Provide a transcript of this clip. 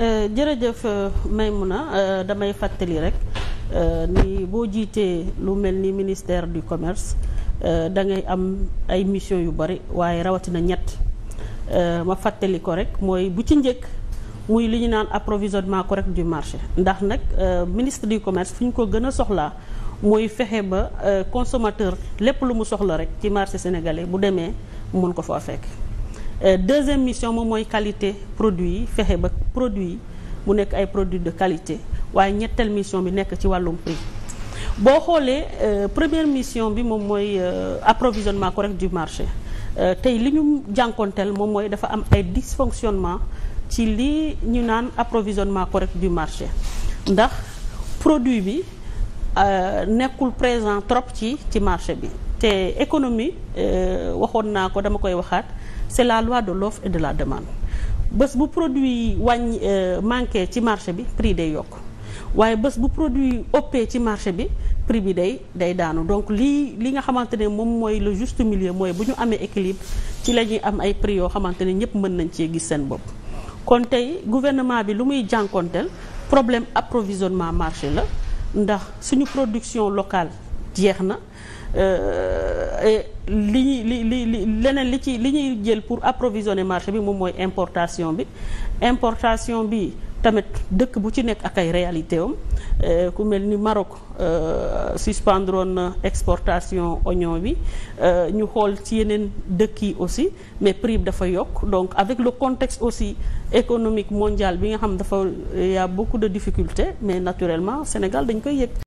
Euh, jërëjëf may euh, Maymouna euh, damay fàttali rek ni boo jiitee lu mel ni ministère du commerce da ngay am ay mission yu bari waaye rawatina ñett ma fàttali ko rek mooy bu ci njëkk muy li ñu naan approvisionnement correct du marché ndax nag ministre du commerce fu ñu ko gën a soxlaa mooy fexe ba consommateur lépp lu mu soxla rek ci marché sénégalais bu demee mën ko faa fekk. Euh, deuxième mission moom mooy qualité produit yi fexe ba produit yi mu nekk ay produits de qualité waaye ñetteel mission bi nekk ci wàllum prix boo xoolee euh, première mission bi moom mooy euh, approvisionnement correct du marché tey li ñu jànkoonteel moom mooy dafa am ay dysfonctionnement ci li ñu naan approvisionnement correct du marché ndax produit bi nekkul présent trop ci ci marché bi te économie euh, waxoon naa ko dama koy waxaat c'est la loi de l'offre et de la demande bés bu produit wàññ euh, manqué ci marché bi prix day yokk waaye bés bu produit ëppee ci marché bi prix bi day day daanu donc lii li nga xamante ne moom mooy le juste milieu mooy bu ñu amee équilibre ci la ñuy am ay prix yoo xamante ne ñëpp mën nañ cee gis seen bopp kon tey gouvernement bi lu muy jànkonteel problème approvisionnement marché la ndax suñu production locale jeex na euh, li li li li leneen li ci li ñuy jël pour approvisionner marché bi moom mooy importation bi importation bi tamit dëkk bu ci nekk ak ay réalité am euh, ku mel ni Maroc euh, suspendroon na exportation oignon bi ñu xool ci yeneen dëkk yi aussi mais prix bi dafa yokk donc avec le contexte aussi économique mondial bi nga xam dafa y a beaucoup de difficultés mais naturellement Sénégal dañ koy yëg